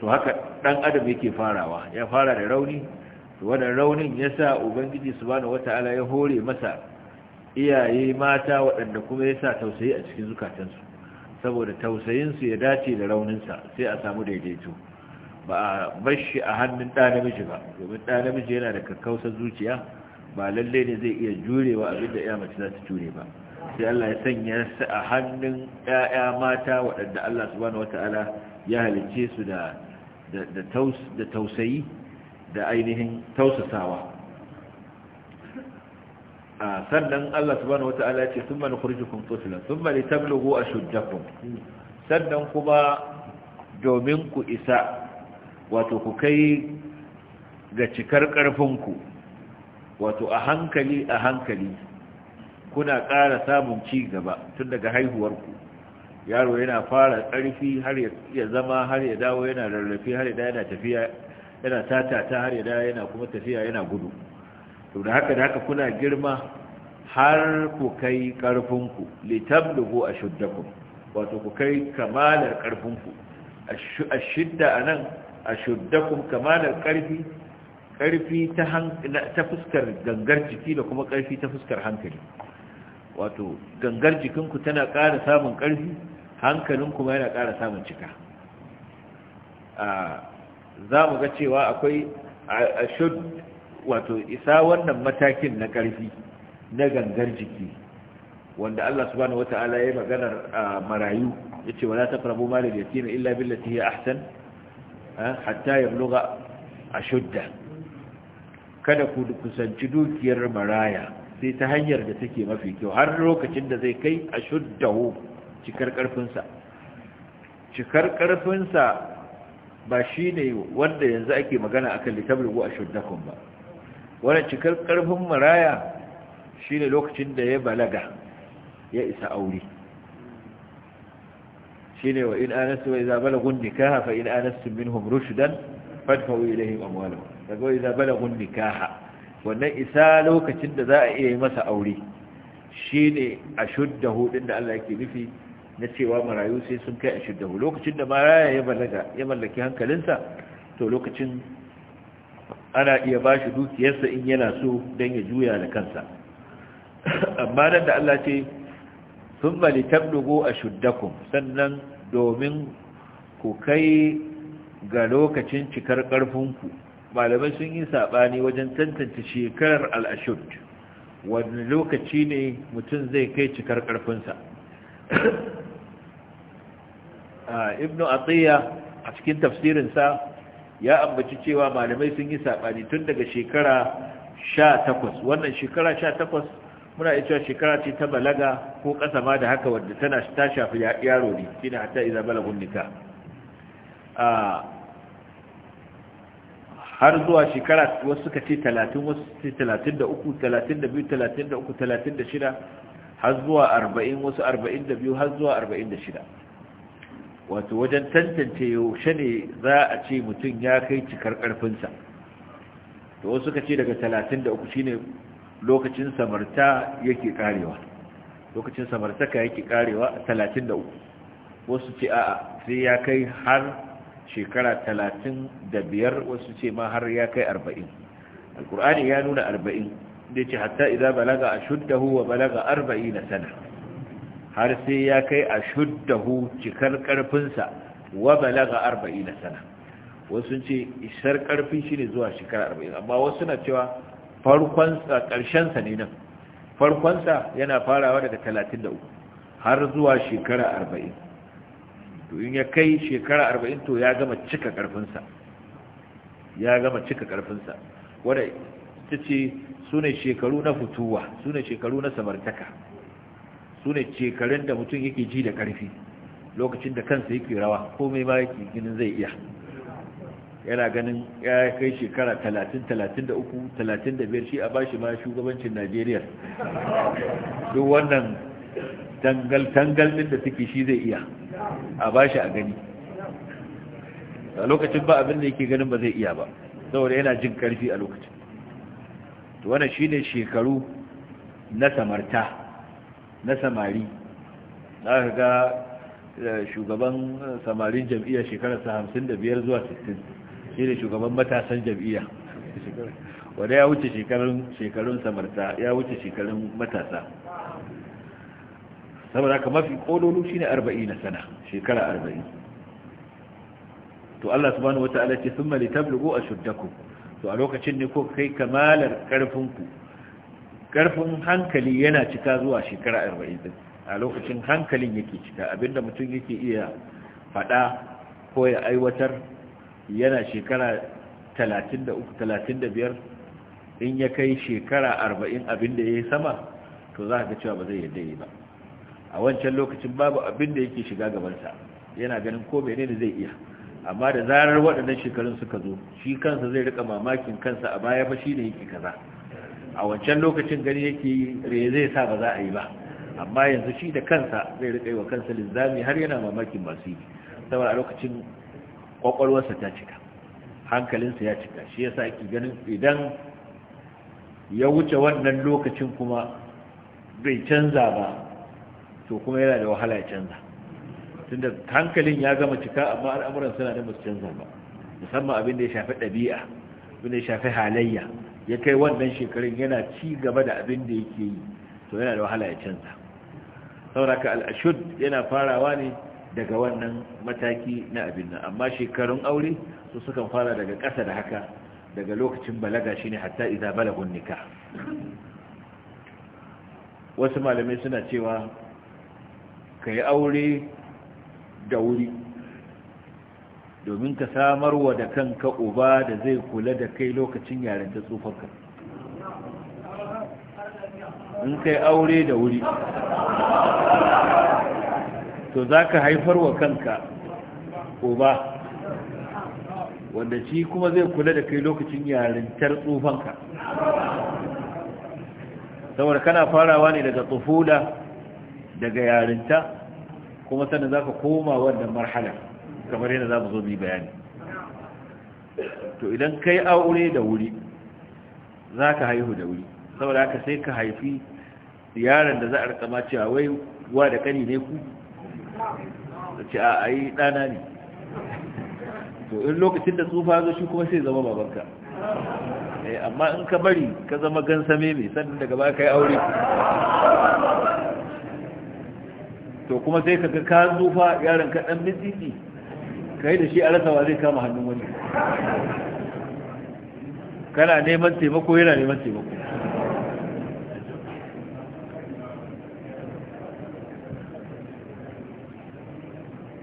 to haka ɗan adam yake farawa ya fara da rauni to wannan raunin yasa ubangiji subhanahu wata'ala ya hore masa iyaye mata waɗanda kuma ya sa tausayi a cikin zukatansu saboda tausayinsu ya dace da rauninsa sai a samu daidaito ba a bar shi a hannun ɗa namiji ba domin ɗa namiji yana da kakkausar zuciya ba lalle ne zai iya jurewa abinda ya mace za su jure ba sai Allah ya sanya su a hannun ƴaƴa mata waɗanda Allah subhanahu wata'ala ya halicce su da tausayi da ainihin tausasawa sannan Allah subhanahu wata'ala ya ce sun mani kurjikun tutula sun mani tablugu a shudjakun sannan kuma domin ku isa wato ku kai ga cikar ƙarfinku wato a hankali a hankali kuna ƙara samun ci gaba tun daga haihuwarku yaro yana fara ƙarfi har ya zama har ya dawo yana rarrafi, har ya dawo yana tafiya yana tatata har ya dawo yana kuma tafiya yana gudu to da haka da haka kuna girma har ku kai ƙarfinku litabluhu ashuddakum wato ku kai kamalar ƙarfinku A ashidda anan ashuddakum kamalar ƙarfi ƙarfi ta fuskar gangar jiki da kuma ƙarfi ta fuskar hankali wato gangar jikinku tana ƙara samun ƙarfi hankalin kuma yana ƙara samun cika za mu ga cewa akwai a ashud wato isa wannan matakin na ƙarfi na gangar jiki wanda Allah subhanahu wata'ala ya maganar marayu yace wala taqrabu mal al-yatim illa billati hiya ahsan hatta a ashudda kada ku kusanci dukiyar maraya sai ta hanyar da take mafi kyau har lokacin da zai kai ashuddahu cikar karfinsa cikar karfinsa ba shine wanda yanzu ake magana akan litablugu ashuddakum ba wani cikar ƙarfin maraya shi ne lokacin da ya balaga ya isa aure shi ne wa in anastu wa iza balagun nikaha fa in anastu minhum rushdan fadfa'u ilayhim amwalahum daga wa iza balagun nikaha wannan isa lokacin da za a iya yi masa aure shi ne a shudda hudun da Allah ke nufi na cewa marayu sai sun kai a shudda lokacin da maraya ya balaga ya mallaki hankalinsa to lokacin ana iya ba shi dukiyarsa in yana so don ya juya da kansa amma nan da Allah ce sun bali tabdugo a shuddakun sannan domin ku kai ga lokacin cikar ƙarfinku malamai sun yi saɓani wajen tantance shekarar al'ashud wani lokaci ne mutum zai kai cikar ƙarfinsa ah, Ibn atiyya a cikin tafsirinsa ya ambaci cewa malamai sun yi saɓani tun daga shekara sha wannan shekara sha muna cewa shekara ce ta balaga ko ƙasa ma da haka wadda tana ta shafi yaro ne shi ne hatta iza balagun nika har zuwa shekara wasu suka ce talatin wasu ce talatin da uku talatin da har zuwa 40 wasu arba'in har zuwa arba'in wato wajen tantance yaushe ne za a ce mutum ya kai cikar ƙarfinsa to wasu ka ce daga 33 ne lokacin samarta yake karewa lokacin samartaka yake karewa 33 wasu ce a sai ya kai har shekara 35 wasu ce ma har ya kai 40 alkur'ani ya nuna 40 da ce hatta idan balaga ashuddahu wa balaga 40 sana'a. har sai ya kai a shuddahu cikar karfinsa wa balaga na sana wasu ce isar karfi ne zuwa shekara arba'in amma wasu na cewa farkonsa karshensa ne nan farkonsa yana farawa daga talatin da uku har zuwa shekara arba'in to in ya kai shekara arba'in to ya gama cika karfinsa ya gama cika karfinsa wadda ta ce su ne shekaru na fituwa su ne shekaru na samartaka su ne shekarun da mutum yake ji da ƙarfi lokacin da kansa yake rawa komai ma yake ginin zai iya yana ganin ya kai shekara 30-33-35 shi a bashi ma shugabancin najeriya duk wannan tangal-tangal din da suke shi zai iya a bashi a gani a lokacin ba abin da yake ganin ba zai iya ba saboda yana jin karfi a lokacin wannan shi shine shekaru na samarta na samari za ka ga eh, shugaban eh, samarin jam'iyya shekararsa hamsin da biyar zuwa sittin shi ne shugaban matasan jam'iyya wadda ya wuce shekarun samarta ya wuce shekarun matasa saboda ka mafi kololu shi ne arba'in na sana shekara arba'in to Allah subhanahu wa ta'ala ce sun mali tablugo a shuddaku to a lokacin ne ko kai kamalar karfinku karfin hankali yana cika zuwa shekara arba'in a lokacin hankalin yake cika abinda mutum yake iya faɗa ko ya aiwatar yana shekara talatin da uku talatin da biyar in ya kai shekara arba'in abinda ya yi sama to za ka cewa ba zai yadda yi ba a wancan lokacin babu abinda yake shiga gabansa yana ganin ko menene zai iya amma da zarar waɗannan shekarun suka zo shi kansa zai rika mamakin kansa a baya fa shi ne yake kaza a wancan lokacin gani yake yi zai sa ba za a yi ba amma yanzu shi da kansa zai rika yi wa kansa linzami har yana mamakin masu yi saboda a lokacin kwakwalwarsa ta cika hankalinsa ya cika shi ya sa ki ganin idan ya wuce wannan lokacin kuma bai canza ba to kuma yana da wahala ya canza tunda hankalin ya gama cika amma al'amuran suna da musu canza ba musamman abin da ya shafi ɗabi'a abin da ya shafi halayya ya kai wannan shekarun yana ci gaba da abin da yake yi to yana da wahala ya canza sauraka al'ashud yana farawa ne daga wannan mataki na abin nan amma shekarun aure su sukan fara daga ƙasa da haka daga lokacin balaga shi ne hatta iza balagun nika wasu malamai suna cewa ka yi aure da wuri domin ka samarwa da kanka uba da zai kula da kai lokacin yaren ta in kai aure da wuri to za ka haifarwa kanka uba wanda shi kuma zai kula da kai lokacin yarintar tsufanka saboda kana farawa ne daga tsufula daga yarinta kuma sannan za ka koma wannan marhalar kamar yadda za mu zo bi bayani to idan kai aure da wuri za ka haihu da wuri saboda haka sai ka haifi yaron da za a rikama cewa wai wa da kani ne ku da ce a ayi ɗana ne to in lokacin da tsufa zo shi kuma sai zama babanka eh, amma in ka bari ka zama gansame mai sannan daga ba ka yi aure to kuma sai ka ga ka tsufa yaron ka ɗan mitsitsi kai da shi a rasa zai kama hannun wani kana neman taimako yana neman taimako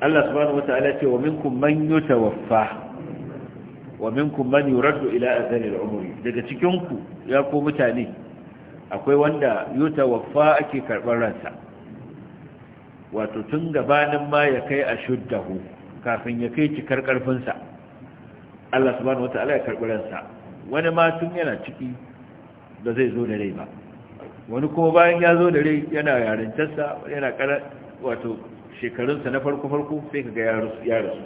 Allah subhanahu wa ta'ala ce wa minkum man yutawaffa wa minkum man yuraddu ila azali al-umri daga cikin ku ya ko mutane akwai wanda yutawaffa ake karban ransa wato tun gabanin ma ya kai ashuddahu kafin ya kai cikar karfinsa Allah subhanahu wata'ala ya karɓi wani ma tun yana ciki ba zai zo da rai ba wani kuma bayan ya zo da rai yana yarintarsa yana kara wato shekarunsa na farko-farko sai ka ga ya rasu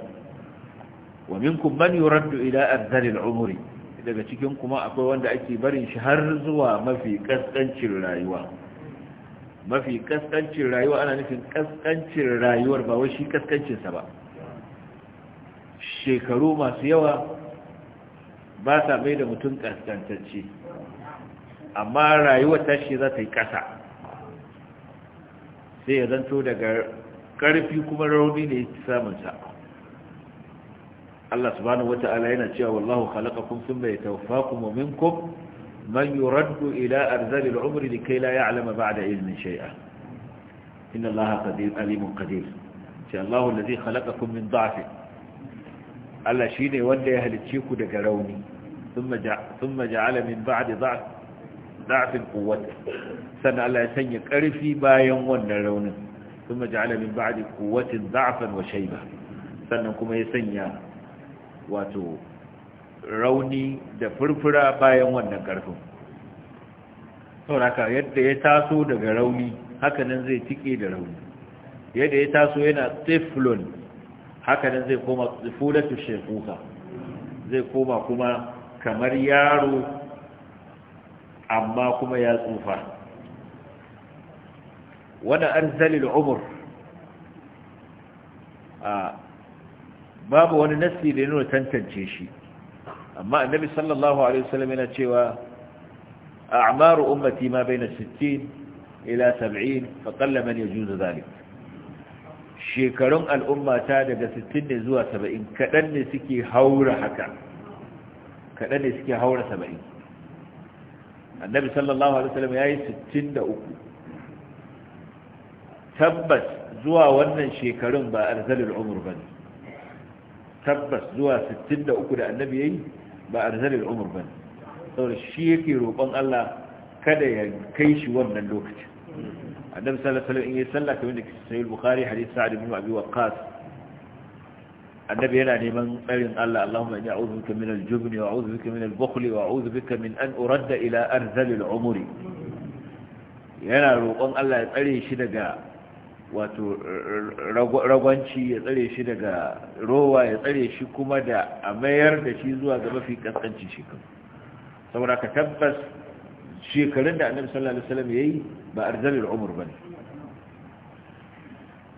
wa minkum man yuraddu ila umri daga cikin kuma akwai wanda ake barin shi har zuwa mafi kaskancin rayuwa mafi kaskancin rayuwa ana nufin kaskancin rayuwar ba wai shi kaskancin ba shekaru masu yawa ba sa mai da mutum kaskantacce amma rayuwar tashi za ta yi ƙasa sai ya zanto daga ƙarfi kuma rauni ne samunsa Allah subhanahu wata'ala yana cewa wallahu khalaqakum thumma yatawaffakum wa minkum man yuraddu ila arzali al-umri likay la ya'lama ba'da ilmin shay'a inna Allaha qadir alimun qadir sai Allahu alladhi khalaqakum min dha'fin Allah shi ne wanda ya halicce ku daga rauni sun maja'ala min da za'afin kuwata sannan Allah ya sanya ƙarfi bayan wannan raunin sun maja'ala min ba'adi kuwatin za'afin wa ba sannan kuma ya sanya wato rauni da furfura bayan wannan ƙarfin sauraka yadda ya taso daga rauni hakanan zai tike da rauni yadda ya taso yana teflon. Hakanan zai koma fulatu shekuka zai koma kuma kamar yaro amma kuma ya tsufa wani arzalil umur babu wani nasi da nuna tantance shi amma annabi sallallahu alaihi wasallam yana cewa a'maru ummati ma baina 60 ila 70 fa ya man yajuzu dhalik shekarun al'ummata daga 60 ne zuwa 70 kaɗan ne suke haura haka kaɗan ne suke haura 70 annabi sallallahu alaihi wasallam ya yi 63 tabbas zuwa wannan shekarun ba arzalin umar ba ne tabbas zuwa 63 da annabi ya yi ba arzalin umar ba ne saboda shi yake roƙon allah kada ya kai shi wannan lokacin annabi sallallahu alaihi wasallam in yi sallah kamar da ke sahih bukhari hadith sa'ad ibn abi waqqas annabi yana neman tsarin Allah Allahumma inni a'udhu bika min al-jubn wa a'udhu bika min al-bukhl wa a'udhu min an uradda ila yana roƙon Allah ya tsare shi daga wato ragwanci ya tsare shi daga rowa ya tsare shi kuma da a mayar da shi zuwa ga mafi kaskancin shekaru saboda ka tabbas shekarun da annabi sallallahu alaihi wasallam yayi ba arzalul umur bane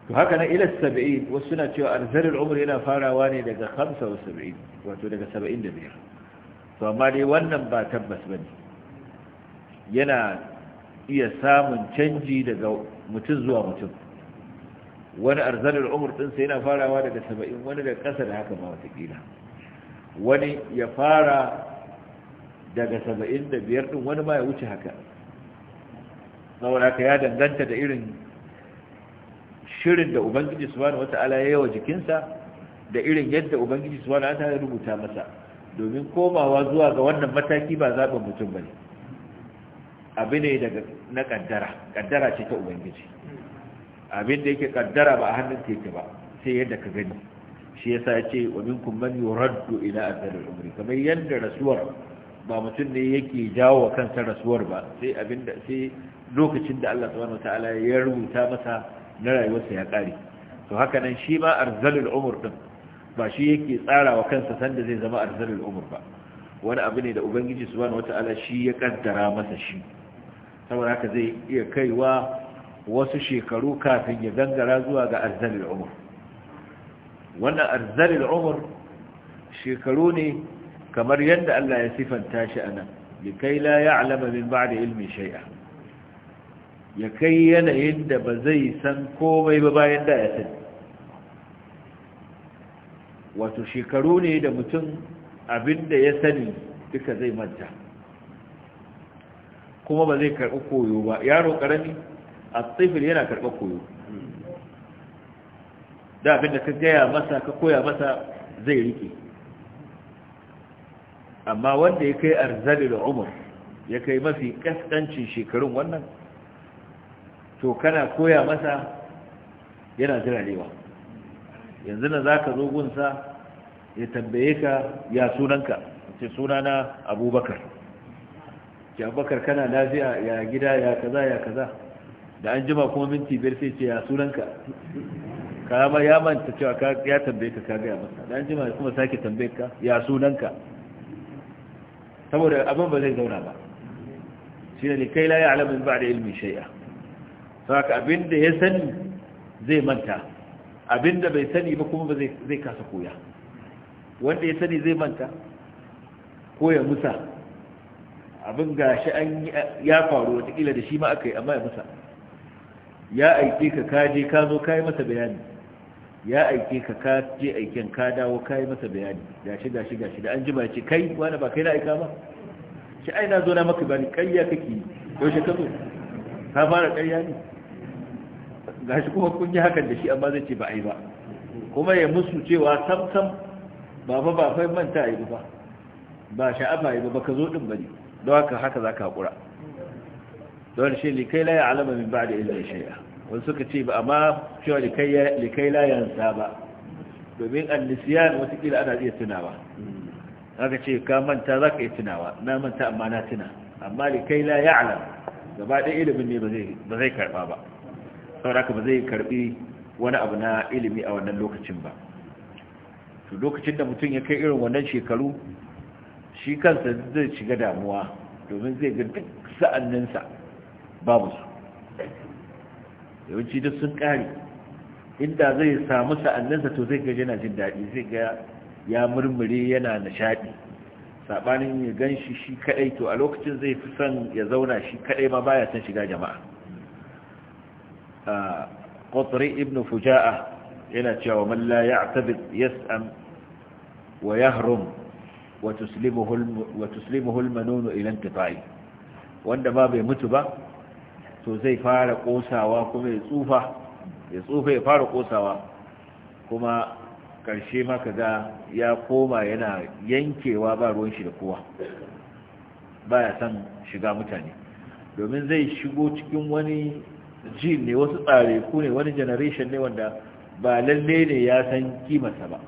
to haka na ila 70 wasu suna cewa arzalul umur yana farawa ne daga 75 wato daga 75 to amma dai wannan ba tabbas bane yana iya samun canji daga mutum zuwa mutum wani arzalul umur ɗinsa yana farawa daga 70 wani daga ƙasa da haka ma watakila wani ya fara daga saba'in da biyar ɗin wani ma ya wuce haka saboda ya danganta da irin shirin da ubangiji subhanahu wata'ala ya yi wa jikinsa da irin yadda ubangiji subhanahu wata'ala ya rubuta masa domin komawa zuwa ga wannan mataki ba zaɓin mutum ba ne abin ne daga na ƙaddara ƙaddara ce ta ubangiji abin da yake ƙaddara ba a hannun teke ba sai yadda ka gani shi yasa ya ce wa minkum man yuraddu ila azalil umri kamar yadda rasuwar ba mutum ne yake jawo wa kansa rasuwar ba sai abinda sai lokacin da Allah subhanahu wataala ya rubuta masa na rayuwarsa ya kare to haka nan shi ma arzalul umur din ba shi yake tsara wa kansa sanda zai zama arzalul umur ba wani abu ne da ubangiji subhanahu wataala shi ya kaddara masa shi saboda haka zai iya kaiwa wasu shekaru kafin ya gangara zuwa ga arzalul umur wannan arzalul umur shekaru ne kamar yadda Allah ya sifanta shi a nan, anan kai la ya'lamu min da ilmi shai'a. ya kai yanayin da ba zai san komai ba bayan da ya sani wato shekaru ne da mutum abin da ya sani duka zai manta kuma ba zai karɓi koyo ba yaro ƙarami a tsaifin yana karɓar koyo da abin da ka gaya masa ka koya masa zai rike amma wanda ya kai arzali da umar ya kai mafi kaskancin shekarun wannan to kana koya masa yana jirarewa yanzu na za ka zo gunsa ya tambaye ka ya sunanka ce sunana abubakar ke abubakar kana lafiya ya gida ya kaza ya kaza da an jima kuma minti biyar sai ce ya sunanka kama ya manta cewa ya tambaye ka ka gaya masa da an jima kuma sake tambaye ka ya sunanka saboda abin ba zai zauna ba shi ne kai la ya alamun ba da ilmi shai'a saka abin da ya sani zai manta abin da bai sani ba kuma ba zai kasa koya wanda ya sani zai manta ko ya musa abin ga shi an ya faru watakila da shi ma aka yi amma ya musa ya aiki ka kaje ka zo ka yi masa bayani ya aike ka ka je aiken ka dawo kai masa bayani gashi gashi gashi da an jima ce kai wani ba kai na aika ba shi ai na zo na maka bani ƙarya kake yaushe ka zo ka fara ƙarya ne gashi kuma kun yi hakan da shi amma zai ce ba ai ba kuma ya musu cewa sam sam ba fa ba fa manta ai ba ba sha'afa ai ba ka zo din bane don haka haka zaka hakura don shi likai la ya alama min ba'da illa shay'a wani suka ce ba amma cewa likai layansa ba domin wasu watakila ana iya tunawa aka ce ka manta za ka iya tunawa na manta amma na tuna amma likai la alam gaba ɗaya ilimin ne ba zai karɓa ba sauraka ba zai karɓi wani abu na ilimi a wannan lokacin ba to lokacin da mutum ya kai irin wannan shekaru shi kansa zai shiga damuwa domin zai ga duk sa'anninsa babu su yawanci duk sun kare inda zai samu sa'annansa to zai gaji yana jin daɗi zai ga ya murmure yana nishaɗi saɓanin ya gan shi shi kaɗai to a lokacin zai fi son ya zauna shi kaɗai ma baya son shiga jama'a ƙotare ah, ibn fuja'a yana cewa man la ya'tabid yas'am wa yahrum wa tuslimuhu al ilan ila wanda ba bai mutu ba to zai fara kosawa kuma ya tsufa ya tsufa ya fara kosawa kuma karshe maka ga ya koma yana yankewa ba ruwan shi da kowa ba ya san shiga mutane domin zai shigo cikin wani jin ne wasu tsare ku ne wani generation ne wanda ba lalle ne ya san kimarsa ba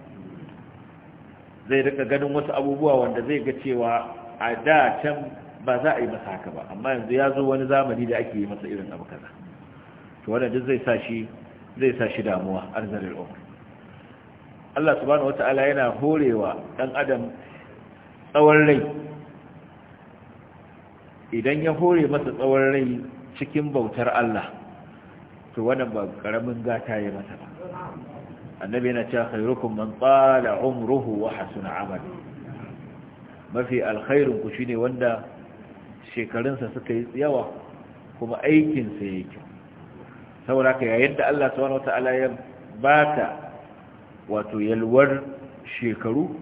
zai daga ganin wasu abubuwa wanda zai ga cewa a da can ba za a yi masa haka ba amma yanzu ya zo wani zamani da ake yi masa irin abu kaza to wannan duk zai sa shi zai sa shi damuwa arzalil umr Allah subhanahu wataala yana horewa dan adam tsawon rai idan ya hore masa tsawon rai cikin bautar Allah to wannan ba karamin gata ya masa ba annabi yana cewa khairukum man tsala umruhu wa hasuna amali mafi alkhairin ku shine wanda shekarunsa suka yi yawa kuma aikinsa ya yi saboda ka yayin da Allah subhanahu ta'ala ya baka wato yalwar shekaru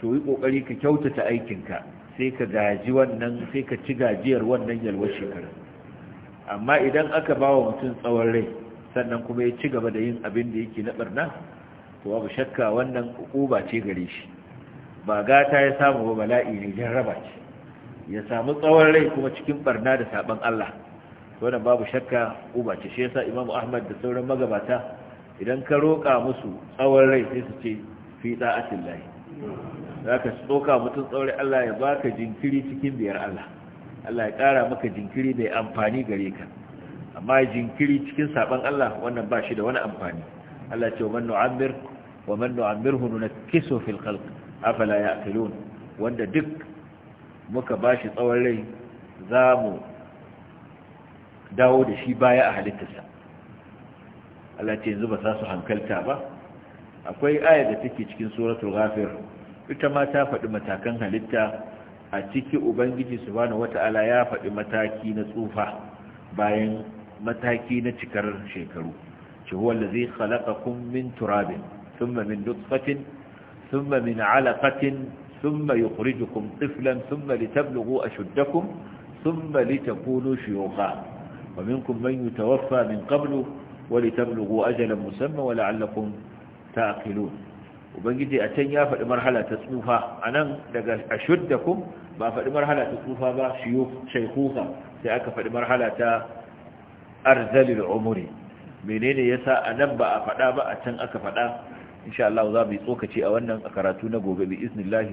to yi kokari ka kyautata aikinka sai ka gaji wannan sai ka ci gajiyar wannan yalwar shekaru amma idan aka ba wa mutum tsawon rai sannan kuma ya ci gaba da yin abin da yake na barna to babu shakka wannan ba ce gare shi ba gata ya samu ba bala'i ne jarraba ce ya samu tsawon rai kuma cikin barna da saban Allah wannan babu shakka uba ce shi yasa Imam Ahmad da sauran magabata idan ka roƙa musu tsawon rai sai su ce fi Za zaka tsoka mutum tsawon Allah ya baka jinkiri cikin biyar Allah Allah ya ƙara maka jinkiri mai amfani gare ka amma jinkiri cikin saban Allah wannan ba shi da wani amfani Allah ce wa man nu'ammir wa man nu'ammirhu nunakkisu fil khalq afala ya'qilun wanda duk muka ba shi tsawon rai za mu dawo da shi baya a halittarsa Allah ce yanzu ba sa su hankalta ba akwai ayar da take cikin suratul ghafir ita ma ta faɗi matakan halitta a ciki ubangiji su subhanahu wata'ala ya faɗi mataki na tsufa bayan mataki na cikar shekaru ce huwa allazi khalaqakum min turabin thumma min nutfatin thumma min alaqatin ثم يخرجكم طفلا ثم لتبلغوا أشدكم ثم لتكونوا شيوخا ومنكم من يتوفى من قبل ولتبلغوا أجلا مسمى ولعلكم تعقلون وبنجي أتن يافد مرحلة تصنوفا أنا أشدكم ما فد مرحلة تصنوفا با شيوخ شيخوخا سأك فد مرحلة أرزل العمر منين يسا أنبأ فدا بأتن أك فدا insha Allah za mu yi tsokaci a wannan a karatu na gobe bi iznillahi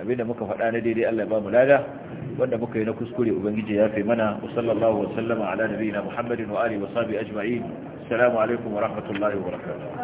abinda muka faɗa na daidai Allah ba mu lada wanda muka yi na kuskure ubangiji ya fi mana wa sallallahu wa sallama ala nabiyina muhammadin wa wa sahbihi ajma'in assalamu alaikum wa rahmatullahi wa barakatuh